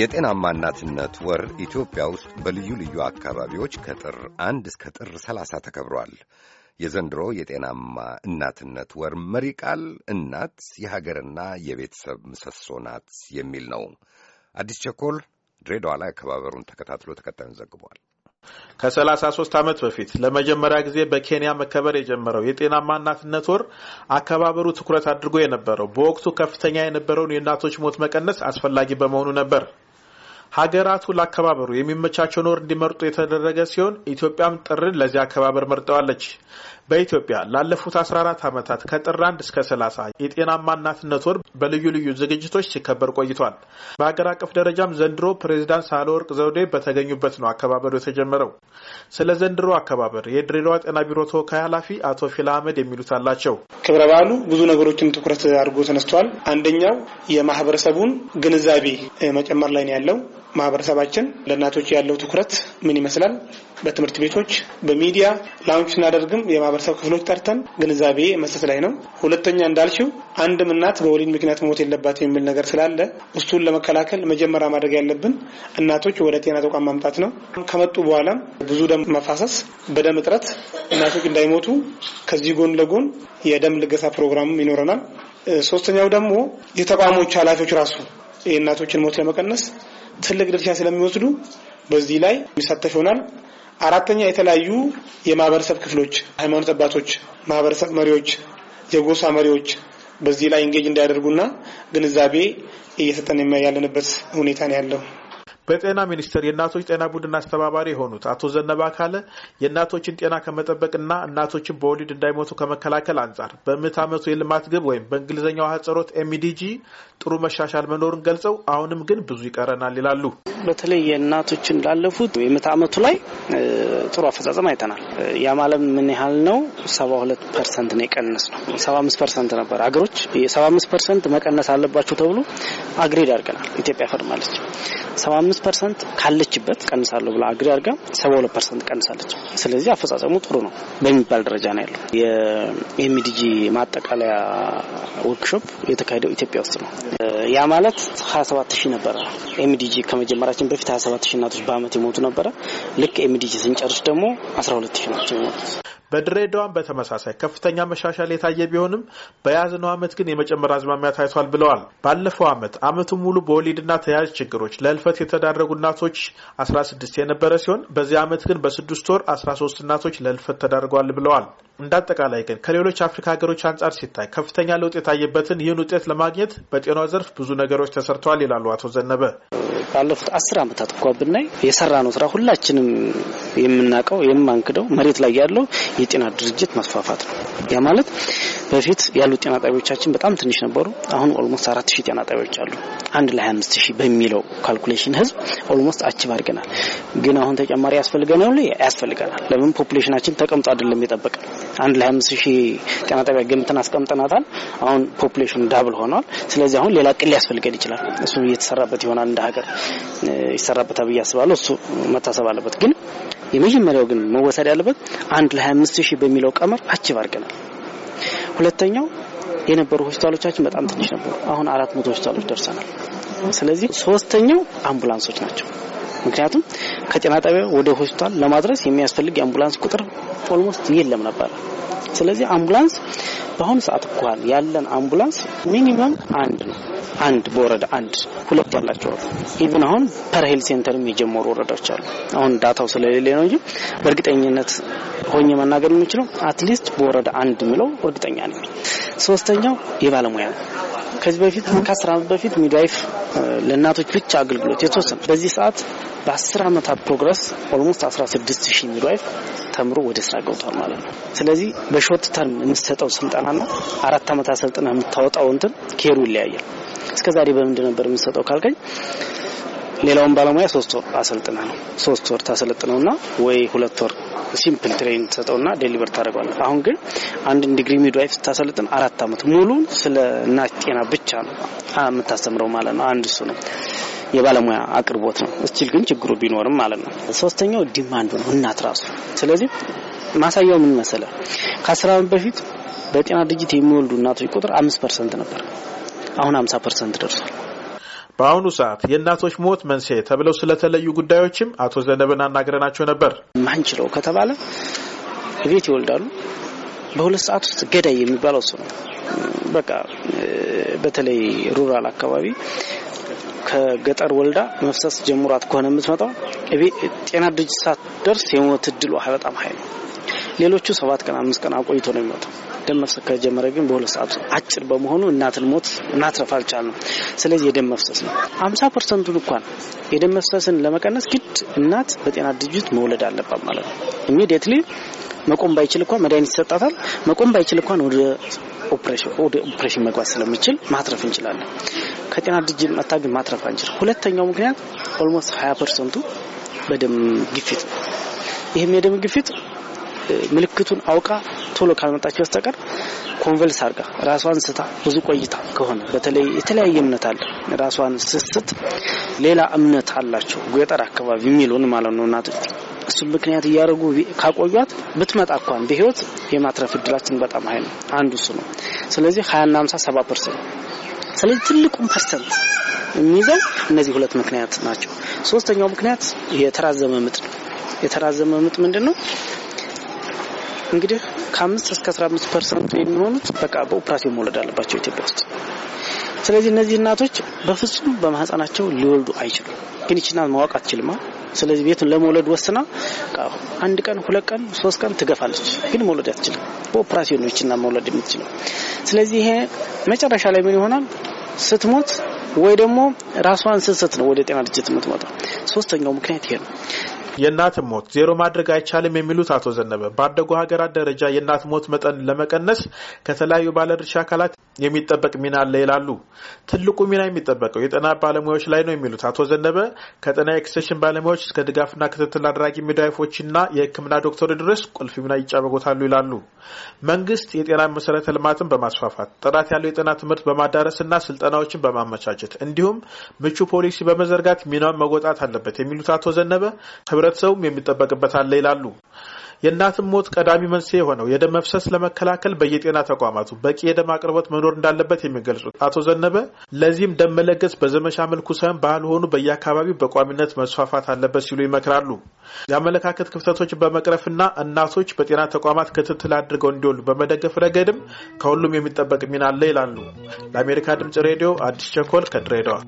የጤናማ እናትነት ወር ኢትዮጵያ ውስጥ በልዩ ልዩ አካባቢዎች ከጥር አንድ እስከ ጥር 30 ተከብሯል። የዘንድሮ የጤናማ እናትነት ወር መሪ ቃል እናት የሀገርና የቤተሰብ ምሰሶ ናት የሚል ነው። አዲስ ቸኮል ድሬዳዋ ላይ አከባበሩን ተከታትሎ ተከታዩን ዘግቧል። ከ33 ዓመት በፊት ለመጀመሪያ ጊዜ በኬንያ መከበር የጀመረው የጤናማ እናትነት ወር አከባበሩ ትኩረት አድርጎ የነበረው በወቅቱ ከፍተኛ የነበረውን የእናቶች ሞት መቀነስ አስፈላጊ በመሆኑ ነበር። ሀገራቱ ለአከባበሩ የሚመቻቸውን ወር እንዲመርጡ የተደረገ ሲሆን ኢትዮጵያም ጥርን ለዚህ አከባበር መርጠዋለች። በኢትዮጵያ ላለፉት 14 ዓመታት ከጥር 1 እስከ 30 የጤናማ እናትነት ወር በልዩ ልዩ ዝግጅቶች ሲከበር ቆይቷል። በሀገር አቀፍ ደረጃም ዘንድሮ ፕሬዚዳንት ሳህለወርቅ ዘውዴ በተገኙበት ነው አከባበሩ የተጀመረው። ስለ ዘንድሮ አከባበር የድሬዳዋ ጤና ቢሮ ተወካይ ኃላፊ አቶ ፊላ አህመድ የሚሉት አላቸው። ክብረ በዓሉ ብዙ ነገሮችን ትኩረት አድርጎ ተነስቷል። አንደኛው የማህበረሰቡን ግንዛቤ መጨመር ላይ ነው ያለው። ማህበረሰባችን ለእናቶች ያለው ትኩረት ምን ይመስላል? በትምህርት ቤቶች፣ በሚዲያ ላውንች እናደርግም የማህበረሰብ ክፍሎች ጠርተን ግንዛቤ መስጠት ላይ ነው። ሁለተኛ እንዳልሽው አንድም እናት በወሊድ ምክንያት መሞት የለባት የሚል ነገር ስላለ እሱን ለመከላከል መጀመሪያ ማድረግ ያለብን እናቶች ወደ ጤና ተቋም ማምጣት ነው። ከመጡ በኋላም ብዙ ደም መፋሰስ፣ በደም እጥረት እናቶች እንዳይሞቱ ከዚህ ጎን ለጎን የደም ልገሳ ፕሮግራምም ይኖረናል። ሶስተኛው ደግሞ የተቋሞች ኃላፊዎች ራሱ የእናቶችን ሞት ለመቀነስ ትልቅ ድርሻ ስለሚወስዱ በዚህ ላይ የሚሳተፍ ይሆናል። አራተኛ የተለያዩ የማህበረሰብ ክፍሎች፣ ሃይማኖት አባቶች፣ ማህበረሰብ መሪዎች፣ የጎሳ መሪዎች በዚህ ላይ እንጌጅ እንዳያደርጉና ግንዛቤ እየሰጠን ያለንበት ሁኔታ ነው ያለው። በጤና ሚኒስቴር የእናቶች ጤና ቡድን አስተባባሪ የሆኑት አቶ ዘነበ አካለ የእናቶችን ጤና ከመጠበቅና እናቶችን በወሊድ እንዳይሞቱ ከመከላከል አንጻር በምዕተ ዓመቱ የልማት ግብ ወይም በእንግሊዝኛው አህጽሮት ኤምዲጂ ጥሩ መሻሻል መኖሩን ገልጸው አሁንም ግን ብዙ ይቀረናል ይላሉ። በተለይ የእናቶችን ላለፉት የምዕተ ዓመቱ ላይ ጥሩ አፈጻጸም አይተናል። ያ ማለት ምን ያህል ነው? ሰባ ሁለት ፐርሰንት ነው የቀነስ ነው። ሰባ አምስት ፐርሰንት ነበር። አገሮች የሰባ አምስት ፐርሰንት መቀነስ አለባቸው ተብሎ አግሬድ አድርገናል። ኢትዮጵያ ፈርማለች። ሰባ አምስት ፐርሰንት ካለችበት ቀንሳለሁ ብላ አግሬድ አድርጋ ሰባ ሁለት ፐርሰንት ቀንሳለች። ስለዚህ አፈጻጸሙ ጥሩ ነው በሚባል ደረጃ ነው ያለው። የኤምዲጂ ማጠቃለያ ወርክሾፕ የተካሄደው ኢትዮጵያ ውስጥ ነው። ያ ማለት ሀያ ሰባት ሺህ ነበረ ኤምዲጂ ከመጀመሪያ ከመጀመራችን በፊት 27 ሺህ እናቶች በአመት ይሞቱ ነበረ። ልክ ኤምዲጂ ስንጨርስ ደግሞ 12 ሺህ ናቸው የሞቱት። በድሬዳዋን በተመሳሳይ ከፍተኛ መሻሻል የታየ ቢሆንም በያዝነው አመት ግን የመጨመር አዝማሚያ ታይቷል ብለዋል። ባለፈው አመት አመቱ ሙሉ በወሊድና ተያያዥ ችግሮች ለህልፈት የተዳረጉ እናቶች 16 የነበረ ሲሆን በዚህ አመት ግን በስድስት ወር 13 እናቶች ለህልፈት ተዳርገዋል ብለዋል። እንዳጠቃላይ ግን ከሌሎች አፍሪካ ሀገሮች አንጻር ሲታይ ከፍተኛ ለውጥ የታየበትን ይህን ውጤት ለማግኘት በጤናው ዘርፍ ብዙ ነገሮች ተሰርተዋል ይላሉ አቶ ዘነበ። ባለፉት አስር ዓመታት እኳ ብናይ የሰራ ነው ስራ ሁላችንም የምናውቀው የማንክደው መሬት ላይ ያለው የጤና ድርጅት መስፋፋት ነው። ያ ማለት በፊት ያሉት ጤና ጣቢያዎቻችን በጣም ትንሽ ነበሩ። አሁን ኦልሞስት አራት ሺህ ጤና ጣቢያዎች አሉ። አንድ ለ አምስት ሺህ በሚለው ካልኩሌሽን ህዝብ ኦልሞስት አችብ አድርገናል። ግን አሁን ተጨማሪ ያስፈልገናል ያስፈልገናል። ለምን ፖፑሌሽናችን ተቀምጦ አይደለም የጠበቀ አንድ ለ አምስት ሺህ ጤና ጣቢያ ገምተን አስቀምጠናታል። አሁን ፖፕሌሽኑ ዳብል ሆኗል። ስለዚህ አሁን ሌላ ቅል ሊያስፈልገን ይችላል። እሱ እየተሰራበት ይሆናል። እንደ ሀገር ይሰራበታል ብዬ አስባለሁ። እሱ መታሰብ አለበት። ግን የመጀመሪያው ግን መወሰድ ያለበት አንድ ለ25 ሺህ በሚለው ቀመር አችብ አድርገናል። ሁለተኛው የነበሩ ሆስፒታሎቻችን በጣም ትንሽ ነበሩ። አሁን አራት መቶ ሆስፒታሎች ደርሰናል። ስለዚህ ሶስተኛው አምቡላንሶች ናቸው። ምክንያቱም ከጤና ጣቢያ ወደ ሆስፒታል ለማድረስ የሚያስፈልግ የአምቡላንስ ቁጥር ኦልሞስት የለም ነበረ። ስለዚህ አምቡላንስ በአሁኑ ሰዓት እኳን ያለን አምቡላንስ ሚኒመም አንድ ነው። አንድ በወረዳ አንድ ሁለት ያላቸው አሉ። ኢቭን አሁን ፐርሄል ሴንተርም የጀመሩ ወረዳዎች አሉ። አሁን ዳታው ስለሌለ ነው እንጂ በእርግጠኝነት ሆኜ መናገር የምችለው አትሊስት በወረዳ አንድ የሚለው እርግጠኛ ነኝ። ሶስተኛው የባለሙያ ነው። ከዚህ በፊት ከአስር ዓመት በፊት ሚድዋይፍ ለእናቶች ብቻ አገልግሎት የተወሰነ በዚህ ሰዓት በአስር ዓመታት ፕሮግረስ ኦልሞስት 16 ሺህ ሚድዋይፍ ተምሮ ወደ ስራ ገብቷል ማለት ነው። ስለዚህ በሾርት ተርም የምትሰጠው ስልጠናና አራት ዓመት አሰልጥና የምታወጣው እንትን ኬሩ ይለያያል። እስከ ዛሬ በምንድን ነበር የምትሰጠው ካልከኝ ሌላውን ባለሙያ ሶስት ወር አሰልጥነ ነው ሶስት ወር ታሰለጥነውና ወይ ሁለት ወር ሲምፕል ትሬኒንግ ተሰጠውና ዴሊቨር ታደርገዋለህ። አሁን ግን አንድን ዲግሪ ሚድዋይፍ ታሰልጥን አራት አመት ሙሉ ስለ እናት ጤና ብቻ ነው የምታስተምረው ማለት ነው። አንድ እሱ ነው የባለሙያ አቅርቦት ነው። እስቲል ግን ችግሩ ቢኖርም ማለት ነው። ሶስተኛው ዲማንዱ ነው እናት ራሱ። ስለዚህ ማሳያው ምን መሰለ፣ ከአስር አመት በፊት በጤና ድርጅት የሚወልዱ እናቶች ቁጥር አምስት ፐርሰንት ነበር። አሁን አምሳ ፐርሰንት ደርሷል። በአሁኑ ሰዓት የእናቶች ሞት መንስኤ ተብለው ስለተለዩ ጉዳዮችም አቶ ዘነበን አናግረናቸው ነበር። ማንችለው ከተባለ ቤት ይወልዳሉ። በሁለት ሰዓት ውስጥ ገዳይ የሚባለው እሱ ነው። በቃ በተለይ ሩራል አካባቢ ከገጠር ወልዳ መፍሰስ ጀምሯት ከሆነ የምትመጣው ጤና ድርጅት ሳትደርስ የሞት እድሉ በጣም ሀይ ነው። ሌሎቹ ሰባት ቀን አምስት ቀን አቆይቶ ነው የሚመጣው። ደም መፍሰስ ከጀመረ ግን በሁለት ሰዓት አጭር በመሆኑ እናትን ሞት እናትረፍ አልቻልንም። ስለዚህ የደም መፍሰስ ነው። አምሳ ፐርሰንቱን እንኳን የደም መፍሰስን ለመቀነስ ግድ እናት በጤና ድርጅት መውለድ አለባት ማለት ነው። ኢሚዲየትሊ መቆም ባይችል እንኳን መድኃኒት ይሰጣታል። መቆም ባይችል እንኳን ወደ ኦፕሬሽን መግባት ስለምችል ማትረፍ እንችላለን። ከጤና ድርጅት መታ ግን ማትረፍ አንችል። ሁለተኛው ምክንያት ኦልሞስት ሀያ ፐርሰንቱ በደም ግፊት ነው። ይህም የደም ግፊት ምልክቱን አውቃ ቶሎ ካልመጣች በስተቀር ኮንቨልስ አርጋ ራሷን ስታ ብዙ ቆይታ ከሆነ በተለይ የተለያየ እምነት አለ። ራሷን ስስት ሌላ እምነት አላቸው ገጠር አካባቢ የሚሉን ማለት ነው እናቶች እሱም ምክንያት እያደረጉ ካቆዩት ብትመጣ እንኳን በህይወት የማትረፍ እድላችን በጣም ሀይ ነው። አንዱ እሱ ነው። ስለዚህ ሀያና ሀምሳ ሰባ ፐርሰንት ስለዚህ ትልቁን ፐርሰንት የሚይዘው እነዚህ ሁለት ምክንያት ናቸው። ሶስተኛው ምክንያት የተራዘመ ምጥ ነው። የተራዘመ ምጥ ምንድን ነው? እንግዲህ ከአምስት እስከ አስራ አምስት ፐርሰንቱ የሚሆኑት በቃ በኦፕራሲዮን መውለድ አለባቸው ኢትዮጵያ ውስጥ። ስለዚህ እነዚህ እናቶች በፍጹም በማህፀናቸው ሊወልዱ አይችሉም። ግን ይችና ማወቅ አትችልማ። ስለዚህ ቤቱን ለመውለድ ወስና አንድ ቀን ሁለት ቀን ሶስት ቀን ትገፋለች፣ ግን መውለድ አትችልም። በኦፕራሲዮን ነው ይችና መውለድ የምትችለው። ስለዚህ ይሄ መጨረሻ ላይ ምን ይሆናል? ስትሞት ወይ ደግሞ ራሷን ስስት ነው ወደ ጤና ድርጅት የምትመጣው። ሶስተኛው ምክንያት ይሄ ነው። የእናት ሞት ዜሮ ማድረግ አይቻልም የሚሉት አቶ ዘነበ ባደጉ ሀገራት ደረጃ የእናት ሞት መጠን ለመቀነስ ከተለያዩ ባለድርሻ አካላት የሚጠበቅ ሚና አለ ይላሉ። ትልቁ ሚና የሚጠበቀው የጤና ባለሙያዎች ላይ ነው የሚሉት አቶ ዘነበ ከጤና ኤክስቴንሽን ባለሙያዎች እስከ ድጋፍና ክትትል አድራጊ ሚድዋይፎችና የሕክምና ዶክተር ድረስ ቁልፍ ሚና ይጫበጎታሉ ይላሉ። መንግስት የጤና መሰረተ ልማትን በማስፋፋት ጥራት ያለው የጤና ትምህርት በማዳረስና ስልጠናዎችን በማመቻቸት እንዲሁም ምቹ ፖሊሲ በመዘርጋት ሚናውን መወጣት አለበት የሚሉት አቶ ዘነበ ህብረ ህብረተሰቡም የሚጠበቅበት አለ ይላሉ። የእናትም ሞት ቀዳሚ መንስኤ የሆነው የደም መፍሰስ ለመከላከል በየጤና ተቋማቱ በቂ የደም አቅርቦት መኖር እንዳለበት የሚገልጹት አቶ ዘነበ ለዚህም ደም መለገስ በዘመቻ መልኩ ሳይሆን ባልሆኑ በየአካባቢው በቋሚነት መስፋፋት አለበት ሲሉ ይመክራሉ። የአመለካከት ክፍተቶች በመቅረፍና እናቶች በጤና ተቋማት ክትትል አድርገው እንዲወሉ በመደገፍ ረገድም ከሁሉም የሚጠበቅ ሚና አለ ይላሉ። ለአሜሪካ ድምጽ ሬዲዮ አዲስ ቸኮል ከድሬዳዋ